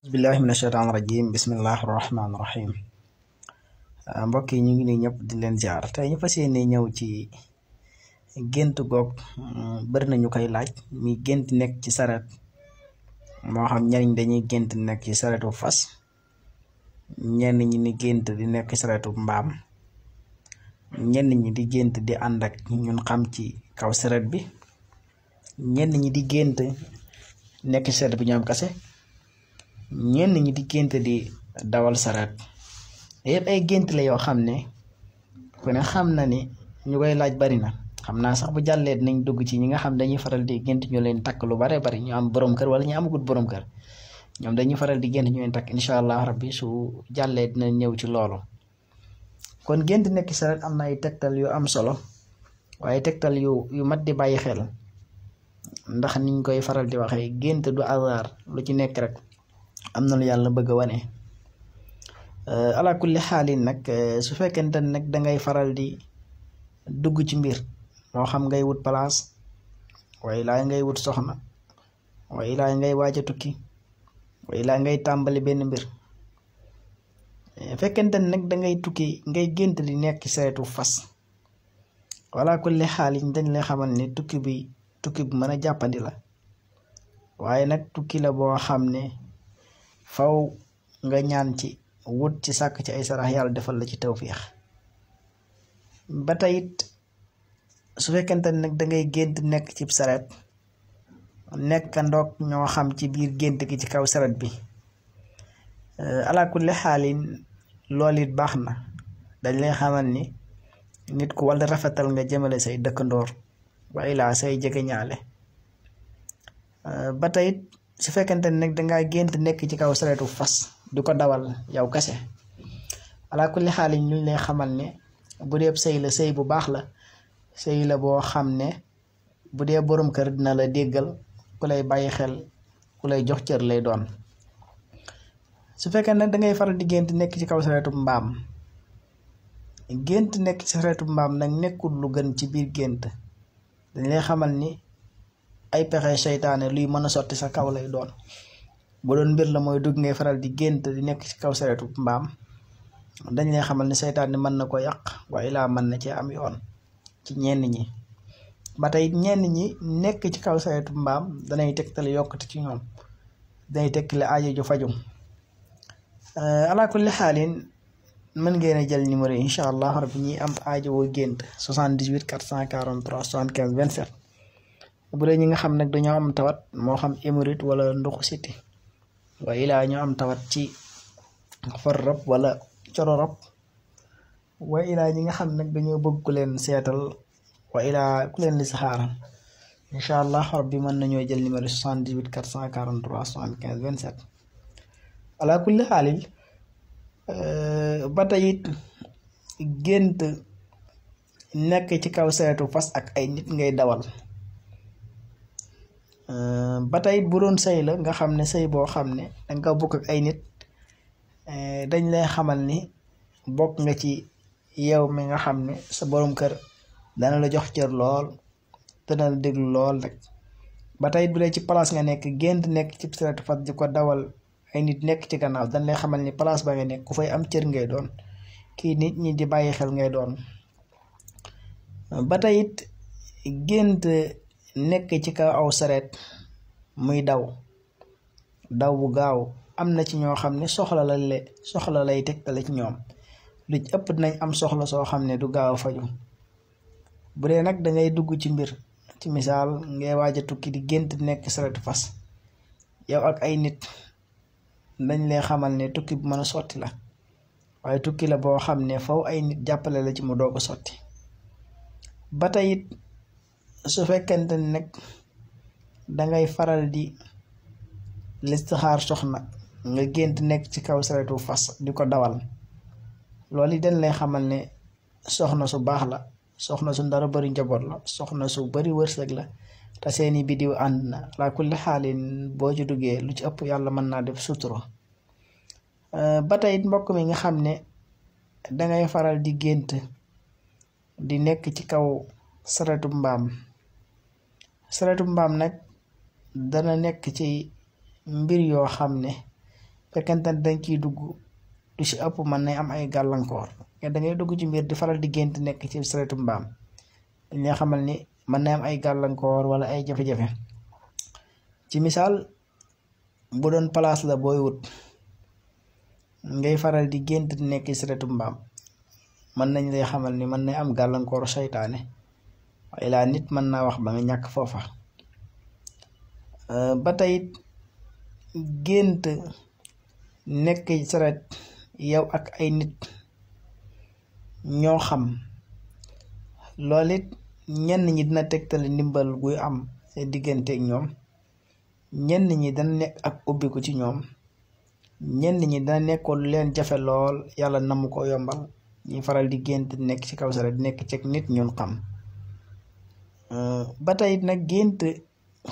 bismillahi mina shaytaan rajim bismillahi rahmaan rahim ah, mbokk yi ñu ngi ne ñëpp di leen jaar tey ñu fas yéene ci gént goog mm, bari nañu koy laaj mi gént nekk ci saret moo xam ñariñ dañuy gént nekk ci saretu fas ñenn ñi ni gént di nekk ci saretu mbaam ñenn ñi di gént di ànd ak ñun xam ci kaw saret bi ñenn ñi di gént nekk ci saret bi ñoom kase ñenn ñi di gént di dawal sareet yëpp ay gént la yoo xam ne ku ne xam na ni ñu koy laaj bari na xam naa sax bu jàllee dinañ dugg ci ñi nga xam dañuy faral di gént ñu leen takk lu bare bari ñu am borom kër wala ñu amagut borom kër ñoom dañuy faral di gént ñu takk incha allah rabbi su jàllee dina ñëw ci loolu. kon gént nekk sareet am na ay tegtal yu am solo waaye tegtal yu yu mat di bàyyi xel ndax niñ koy faral di waxee gént du hasard lu ci nekk rek. am na lu yàlla bëgg a wane euh, ala kulli xaalin nag euh, su fekkente ne nag dangay faral di dugg ci mbir moo xam ngay wut place waaye laa ngay wut soxna way laa ngay waaj tukki way ngay tàmbali benn mbir euh, fekkente ne nag dangay tukki ngay gént di nekk seretu fas ala kulli xaalin dañ la xamal ne tukki bi tukki bu mën a jàppandi la waaye nag tukki la boo xam ne faw nga ñaan ci wut ci sàkk ci ay sarax yàlla defal la ci tawféex ba tey su fekkente ne nag da gént nekk ci saret nekk ndoog ñoo xam ci biir gént gi ci kaw saret bi euh, alaakulli xaalin lool it baax na dañ lay xamal ni nit ku walla rafetal nga jëmale say dëkkandoor waaye laa say jege ñaale euh, ba su fekkente ne da dangaa gént nekk ci kaw saretu fas du ko dawal yow ya kese ya. ala kulli xaal ñu lay xamal ne bu dee sëy la sëy bu baax la sëy la boo xam ne bu dee borom kër dina la déggal ku lay bàyyi xel ku lay jox cër lay doon su fekkee nag da ngay faral di gént nekk ci kaw saretu mbaam gént nekk ci saretu mbaam nag nekkul lu gën ci biir gént dañ lay xamal ni ay pexe seytaane luy mën a sotti sa kaw lay doon bu doon mbir la mooy dugg ngay faral di gént di nekk ci kaw saretu mbaam dañ lay xamal ne seytaane mën na ko yàq waaye laa mën na cee am yoon ci ñenn ñi ba tey ñenn ñi nekk ci kaw saretu mbaam danay tegtale yokkute ci ñoom danay tegtale aajo ju fajum eh, ala le xaalin mën ngeen a jël numéro yi incha allah rabbi ñi am aajo woo gént 78 443 75 27 bu dee ñi nga xam nag dañoo am tawat moo xam émorite wala ndoxu siti waaye ilaa ñoo am tawat ci far rab wala coro rab waaye ilaa ñi nga xam nag dañoo bëgg ku leen seetal waaye ilaa ku leen listixaaral incha allah rabbi mën nañoo jël numéro 78 443 75 27 ala kulli xaalil ba tey gént nekk ci kaw seetu fas ak ay nit ngay dawal Euh, ba tey bu doon say la nga xam ne say boo xam ne nga bokk ak ay nit euh, dañ lay xamal ni bokk nga ci yow mi nga xam ne sa borom kër dana la jox cër lool dana la déglu lool rek ba tey bu dee ci place nga nekk gént nekk ci saretu fas di ko dawal ay nit nekk ci gannaaw dañ lay xamal ni place ba nga nekk ku fay am cër ngay doon kii nit ñi di bàyyi xel ngay doon ba tey it gént nekk ci kaw aw sareet muy daw daw bu gaaw am na ci ñoo xam ne soxla la le soxla lay tegtale ci ñoom lu ëpp dinañ am soxla soo xam ne du gaaw a faju bu dee nag dangay dugg ci mbir ci misaal ngay waaja a tukki di gént nekk saretu fas yow ak ay nit dañ lay xamal ne tukki bu mën a sotti la waaye tukki la boo xam ne faw ay nit jàppale la ci mu doo a sotti ba tey su fekkente ni nag dangay faral di listixaar soxna nga gént nekk ci kaw saretu fas di ko dawal loolu yi dañ lay xamal ne soxna su baax la soxna su ndara bari njaboot la soxna su bari wërsëg la te seeni bidiw ànd na laa kulli xaalin boo ci duggee lu ci ëpp yàlla mën naa def suturo euh, ba tey mbokk mi nga xam ne dangay faral di gént di nekk ci kaw saretu mbaam saretu mbaam nag dana nekk ci mbir yoo xam ne fekkente ne dañ ciy dugg lu ci ëpp mën nay am ay gàllankoor nga dugg ci mbir di faral di gént nekk ci saretu mbaam li xamal ni mën na am ay gàllankoor wala ay jafe-jafe ci misaal bu doon place la booy wut ngay faral di gént nekk ci saretu mbaam mën nañ lay xamal ni mën nay am gàllankooru seytaane waaye laa nit mën naa wax ba nga ñàkk foofa euh, ba tey gént nekk saret yow ak ay nit ñoo xam lool it ñenn ñi dina tegtale ndimbal guy am digganteeg ñoom ñenn ñi dana nekk ak ubbiku ci ñoom ñenn ñi dana nekkoon lu leen jafe lool yàlla na mu ko yombal ñi faral di gént nekk ci kaw saret nekk ceeg nit ñun xam ba tey nag gént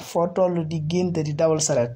foo toll di gént di dawal saret